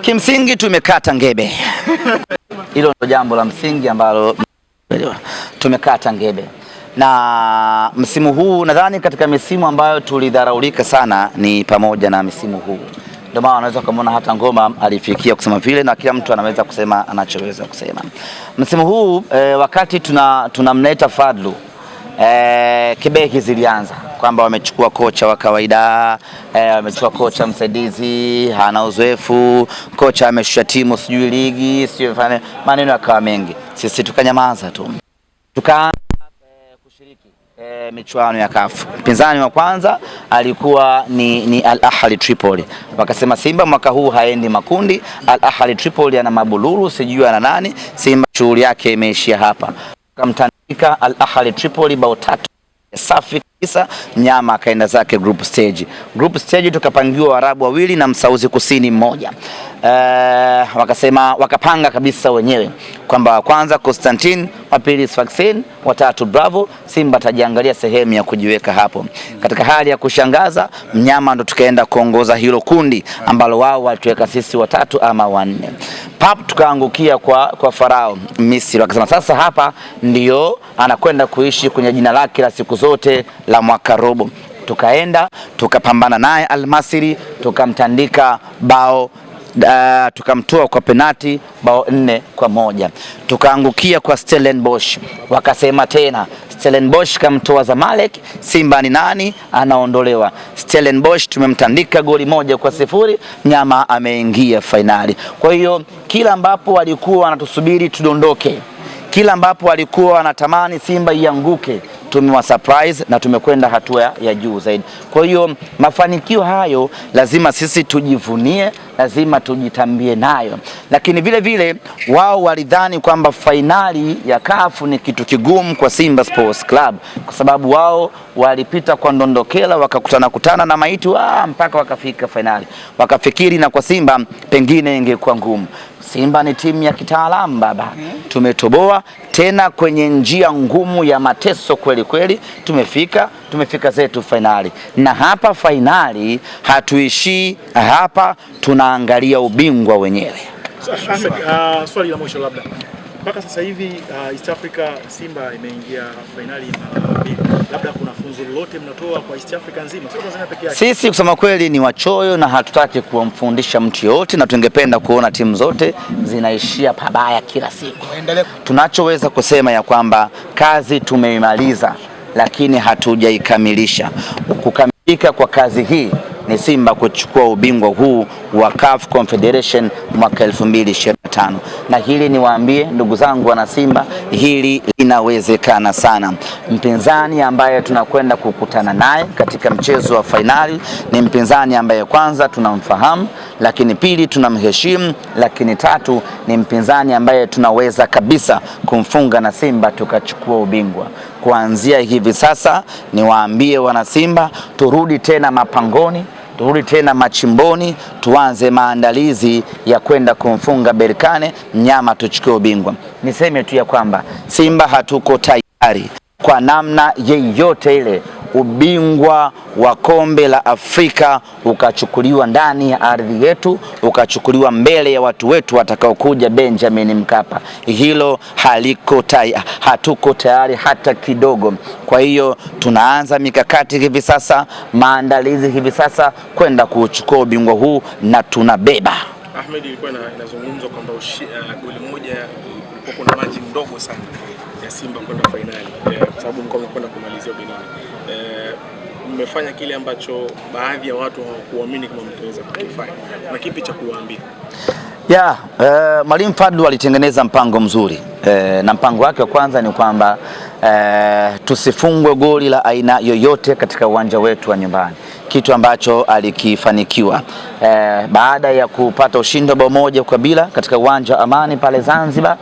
Kimsingi tumekata ngebe, hilo ndo jambo la msingi ambalo tumekata ngebe, na msimu huu nadhani katika misimu ambayo tulidharaulika sana ni pamoja na misimu huu, ndio maana unaweza ukamwona hata ngoma alifikia kusema vile, na kila mtu anaweza kusema anachoweza kusema msimu huu. E, wakati tunamleta tuna Fadlu e, eh, kebeki zilianza kwamba wamechukua kocha wa kawaida eh, wamechukua kocha msaidizi hana uzoefu, kocha ameshusha timu sijui ligi sijui, maneno yakawa mengi. Sisi tukanyamaza tu, tukaanza eh, kushiriki eh, michuano ya kafu. Mpinzani wa kwanza alikuwa ni, ni Al Ahli Tripoli, wakasema Simba mwaka huu haendi makundi. Al Ahli Tripoli ana mabululu sijui ana nani. Simba shughuli yake imeishia hapa, kamtandika Al Ahli Tripoli bao tatu safi kabisa, mnyama akaenda zake group stage. Group stage tukapangiwa Waarabu wawili na Msauzi Kusini mmoja uh, wakasema wakapanga kabisa wenyewe kwamba kwanza Konstantin, wa pili wa watatu Bravo. Simba atajiangalia sehemu ya kujiweka hapo. Katika hali ya kushangaza, mnyama ndo tukaenda kuongoza hilo kundi ambalo wao walituweka sisi watatu ama wanne. Pap tukaangukia kwa, kwa Farao Misri, wakasema sasa hapa ndiyo anakwenda kuishi kwenye jina lake la siku zote la mwaka robo. Tukaenda tukapambana naye Almasiri, tukamtandika bao Ah, tukamtoa kwa penati bao nne kwa moja. Tukaangukia kwa Stellenbosch, wakasema tena Stellenbosch kamtoa Zamalek. Simba ni nani anaondolewa? Stellenbosch tumemtandika goli moja kwa sifuri. Nyama ameingia fainali. Kwa hiyo kila ambapo walikuwa wanatusubiri tudondoke, kila ambapo walikuwa wanatamani Simba ianguke tumewa surprise na tumekwenda hatua ya juu zaidi. Kwa hiyo mafanikio hayo lazima sisi tujivunie lazima tujitambie nayo, lakini vile vile wao walidhani kwamba fainali ya kafu ni kitu kigumu kwa Simba Sports Club kwa sababu wao walipita kwa ndondokela wakakutana kutana na maiti wa, mpaka wakafika fainali, wakafikiri na kwa Simba pengine ingekuwa ngumu. Simba ni timu ya kitaalamu baba, tumetoboa tena kwenye njia ngumu ya mateso kweli kweli, tumefika tumefika zetu fainali, na hapa fainali hatuishii hapa, tuna tunaangalia ubingwa wenyewe. Uh, swali la mwisho labda mpaka sasa hivi uh, East Africa Simba imeingia fainali mara mbili, labda kuna funzo lolote mnatoa kwa East Africa nzima, sio Tanzania peke yake? Sisi kusema kweli ni wachoyo na hatutaki kuwamfundisha mtu yoyote, na tungependa kuona timu zote zinaishia pabaya kila siku. Tunachoweza kusema ya kwamba kazi tumeimaliza, lakini hatujaikamilisha. Kukamilika kwa kazi hii ni Simba kuchukua ubingwa huu wa CAF Confederation mwaka 2025. Na hili niwaambie ndugu zangu wana Simba, hili linawezekana sana. Mpinzani ambaye tunakwenda kukutana naye katika mchezo wa fainali ni mpinzani ambaye kwanza tunamfahamu, lakini pili tunamheshimu, lakini tatu ni mpinzani ambaye tunaweza kabisa kumfunga na Simba tukachukua ubingwa. Kuanzia hivi sasa niwaambie wana Simba turudi tena mapangoni turudi tena machimboni, tuanze maandalizi ya kwenda kumfunga Berkane mnyama, tuchukue ubingwa. Niseme tu ya kwamba Simba hatuko tayari kwa namna yeyote ile ubingwa wa kombe la Afrika ukachukuliwa ndani ya ardhi yetu, ukachukuliwa mbele ya watu wetu watakaokuja Benjamin Mkapa. Hilo haliko taya, hatuko tayari hata kidogo. Kwa hiyo tunaanza mikakati hivi sasa, maandalizi hivi sasa kwenda kuuchukua ubingwa huu na tunabeba Ahmed, ilikuwa inazungumzwa kwamba uh, goli moja kulikuwa kuna maji ndogo sana ya Simba kwenda fainali kwa eh, kwa sababu mko mnakwenda kumalizia ugenini uh, mmefanya kile ambacho baadhi ya watu hawakuamini kama mtaweza kukifanya, na kipi cha kuwaambia? Yeah, uh, Mwalimu Fadlu alitengeneza mpango mzuri uh, na mpango wake wa kwanza ni kwamba uh, tusifungwe goli la aina yoyote katika uwanja wetu wa nyumbani kitu ambacho alikifanikiwa eh, baada ya kupata ushindi wa bao moja kwa bila katika uwanja wa Amani pale Zanzibar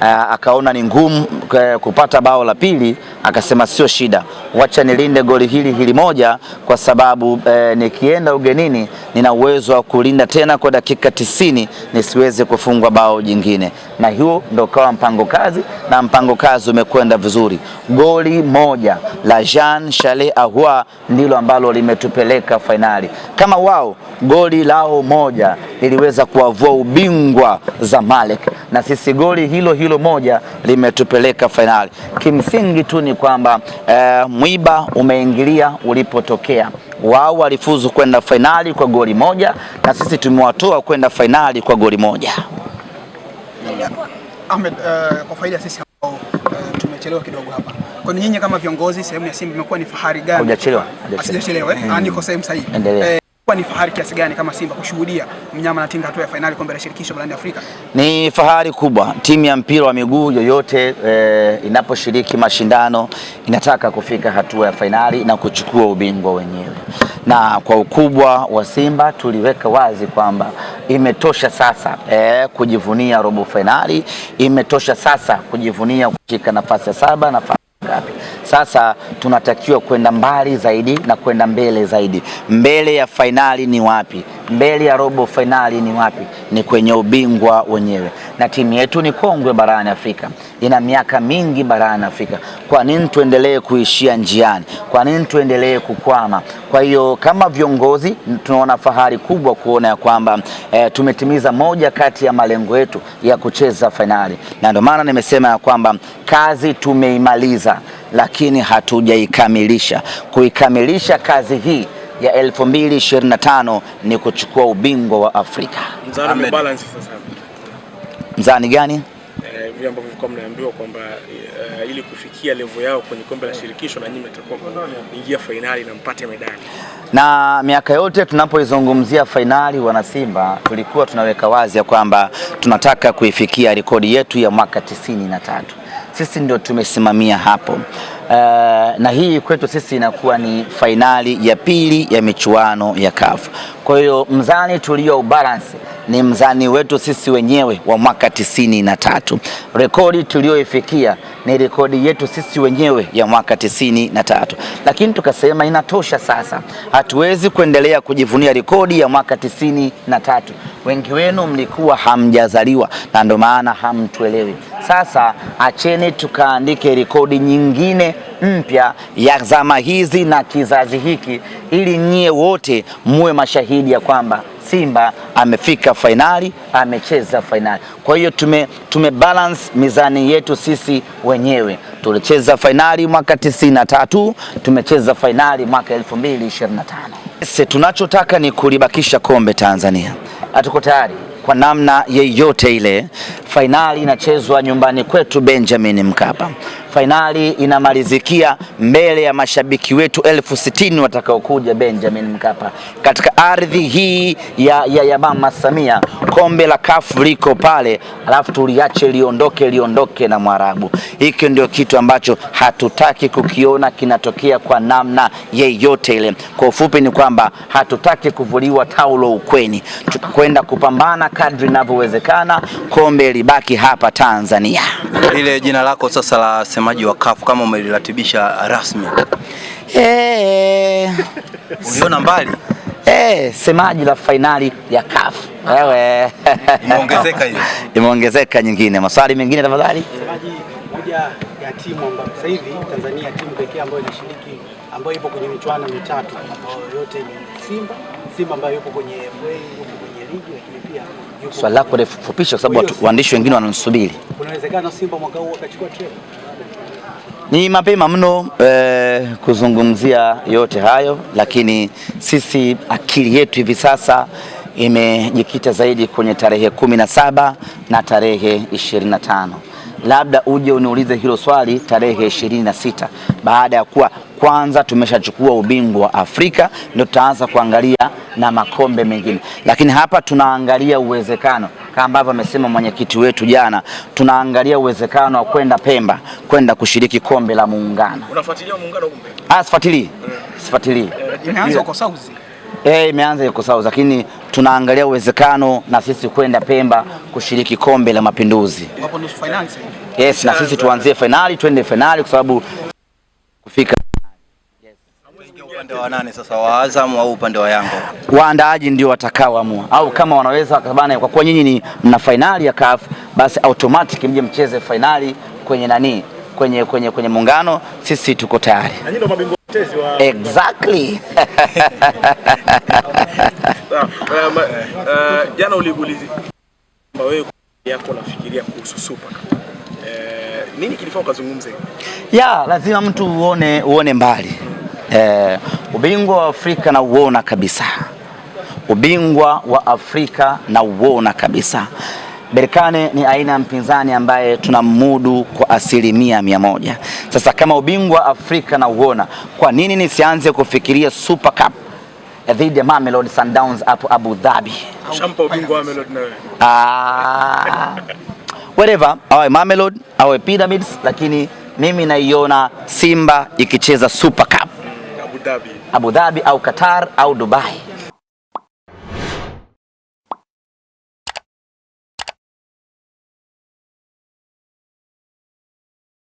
uh, akaona ni ngumu eh, kupata bao la pili, akasema sio shida, wacha nilinde goli hili hili moja, kwa sababu uh, nikienda ugenini nina uwezo wa kulinda tena kwa dakika tisini nisiweze kufungwa bao jingine, na hiyo ndio kawa mpango kazi, na mpango kazi umekwenda vizuri. Goli moja la Jean Charles Ahoua ndilo ambalo limetupeleka fainali. Kama wao goli lao moja liliweza kuwavua ubingwa Zamalek, na sisi goli hilo hilo hilo moja limetupeleka fainali. Kimsingi tu ni kwamba eh, mwiba umeingilia ulipotokea wao walifuzu kwenda fainali kwa goli moja na sisi tumewatoa kwenda fainali kwa goli moja. Ahmed, uh, kwa faida sisi ambao uh, tumechelewa kidogo hapa. Kwa nini nyinyi kama viongozi sehemu ya Simba imekuwa ni fahari gani? Hujachelewa. Asijachelewa eh? Ah, mm. Niko sehemu sahihi. Ni fahari kiasi gani kama Simba kushuhudia mnyama na Tinga hatua ya fainali kombe la shirikisho barani Afrika? Ni fahari kubwa. Timu ya mpira wa miguu yoyote e, inaposhiriki mashindano inataka kufika hatua ya fainali na kuchukua ubingwa wenyewe, na kwa ukubwa wa Simba tuliweka wazi kwamba imetosha sasa e, kujivunia robo fainali, imetosha sasa kujivunia kushika nafasi ya saba, nafasi ngapi sasa tunatakiwa kwenda mbali zaidi na kwenda mbele zaidi. Mbele ya fainali ni wapi? Mbele ya robo fainali ni wapi? Ni kwenye ubingwa wenyewe, na timu yetu ni kongwe barani Afrika, ina miaka mingi barani Afrika. Kwa nini tuendelee kuishia njiani? Kwa nini tuendelee kukwama? Kwa hiyo kama viongozi tunaona fahari kubwa kuona ya kwamba e, tumetimiza moja kati ya malengo yetu ya kucheza fainali, na ndio maana nimesema ya kwamba kazi tumeimaliza, lakini lakini hatujaikamilisha. Kuikamilisha kazi hii ya 2025 ni kuchukua ubingwa wa Afrika. Mzani balance sasa. Mzani gani? Eh, vile ambavyo mlikuwa mnaambiwa kwamba uh, ili kufikia levo yao kwenye kombe la shirikisho na nyinyi mtakuwa kuingia fainali na mpate medali. Na miaka yote tunapoizungumzia fainali, wana Simba tulikuwa tunaweka wazi ya kwamba tunataka kuifikia rekodi yetu ya mwaka tisini na tatu. Sisi ndio tumesimamia hapo. Uh, na hii kwetu sisi inakuwa ni fainali ya pili ya michuano ya CAF. Kwa hiyo mzani tulio balance ni mzani wetu sisi wenyewe wa mwaka tisini na tatu. Rekodi tuliyoifikia ni rekodi yetu sisi wenyewe ya mwaka tisini na tatu, lakini tukasema inatosha sasa, hatuwezi kuendelea kujivunia rekodi ya mwaka tisini na tatu. Wengi wenu mlikuwa hamjazaliwa na ndio maana hamtuelewi. Sasa acheni tukaandike rekodi nyingine mpya ya zama hizi na kizazi hiki, ili nyie wote muwe mashahidi ya kwamba Simba amefika fainali, amecheza fainali. Kwa hiyo tume, tume balance mizani yetu sisi wenyewe. Tulicheza fainali mwaka 93 tatu, tumecheza fainali mwaka 2025. Sisi tunachotaka ni kulibakisha kombe Tanzania. Hatuko tayari kwa namna yeyote ile fainali inachezwa nyumbani kwetu Benjamin Mkapa. Fainali inamalizikia mbele ya mashabiki wetu elfu sitini watakaokuja Benjamin Mkapa katika ardhi hii ya, ya, ya Mama Samia. Kombe la kafu liko pale, alafu tuliache liondoke liondoke na Mwarabu. Hiki ndio kitu ambacho hatutaki kukiona kinatokea kwa namna yeyote ile. Kwa ufupi ni kwamba hatutaki kuvuliwa taulo ukweni, tutakwenda kupambana kadri inavyowezekana kombe imebaki hapa Tanzania. Lile jina lako sasa la semaji wa CAF kama umeliratibisha rasmi Eh. uliona mbali Eh, semaji la finali ya CAF wewe. Imeongezeka hiyo. Imeongezeka nyingine. Maswali mengine tafadhali. Semaji moja ya timu ambayo sasa hivi Tanzania timu pekee ambayo inashiriki ambayo ipo kwenye michuano mitatu ambayo yote ni Simba, Simba ambayo ipo kwenye FA ligi, lakini pia yuko swali lako refu kwa sababu waandishi wengine wananisubiri. Kuna uwezekano Simba mwaka huu akachukua treble? Ni mapema mno eh, kuzungumzia yote hayo, lakini sisi akili yetu hivi sasa imejikita zaidi kwenye tarehe kumi na saba na tarehe ishirini na tano labda uje uniulize hilo swali tarehe ishirini na sita baada ya kuwa kwanza tumeshachukua ubingwa wa Afrika, ndio tutaanza kuangalia na makombe mengine, lakini hapa tunaangalia uwezekano kama ambavyo amesema mwenyekiti wetu jana, tunaangalia uwezekano wa kwenda Pemba kwenda kushiriki kombe la Muungano. Unafuatilia Muungano kumbe? Ah, sifuatilii, eh. sifuatilii. Eh, imeanza kwa Sauzi eh, imeanza iko sawa, lakini tunaangalia uwezekano na sisi kwenda Pemba kushiriki kombe la Mapinduzi. Yes, na sisi tuanzie fainali, twende fainali kwa sababu kufika upande wa nani sasa, wa Azam au upande wa Yanga? Waandaaji ndio watakaoamua, au kama wanaweza bana, kwa kuwa nyinyi ni mna fainali ya CAF, basi automatic mje mcheze fainali kwenye nani, kwenye kwenye kwenye muungano. Sisi tuko tayari na nyinyi ndio mabingwa mtetezi wa exactly. Eh, eh, jana uliuliza kwamba wewe yako unafikiria kuhusu super eh, nini kilifaa ukazungumze? Ya lazima mtu uone uone mbali eh, ubingwa wa Afrika na uona kabisa, ubingwa wa Afrika na uona kabisa. Berkane ni aina ya mpinzani ambaye tunamudu kwa asilimia mia moja. Sasa kama ubingwa Afrika na uona, kwa nini nisianze kufikiria Super Cup dhidi ya Mamelodi Sundowns hapo Abu Dhabi? Shampa ubingwa Mamelodi na wewe. Ah, whatever, awe Mamelodi awe Pyramids, lakini mimi naiona Simba ikicheza Super Cup. Dhabi, Abu Dhabi au Qatar au Dubai.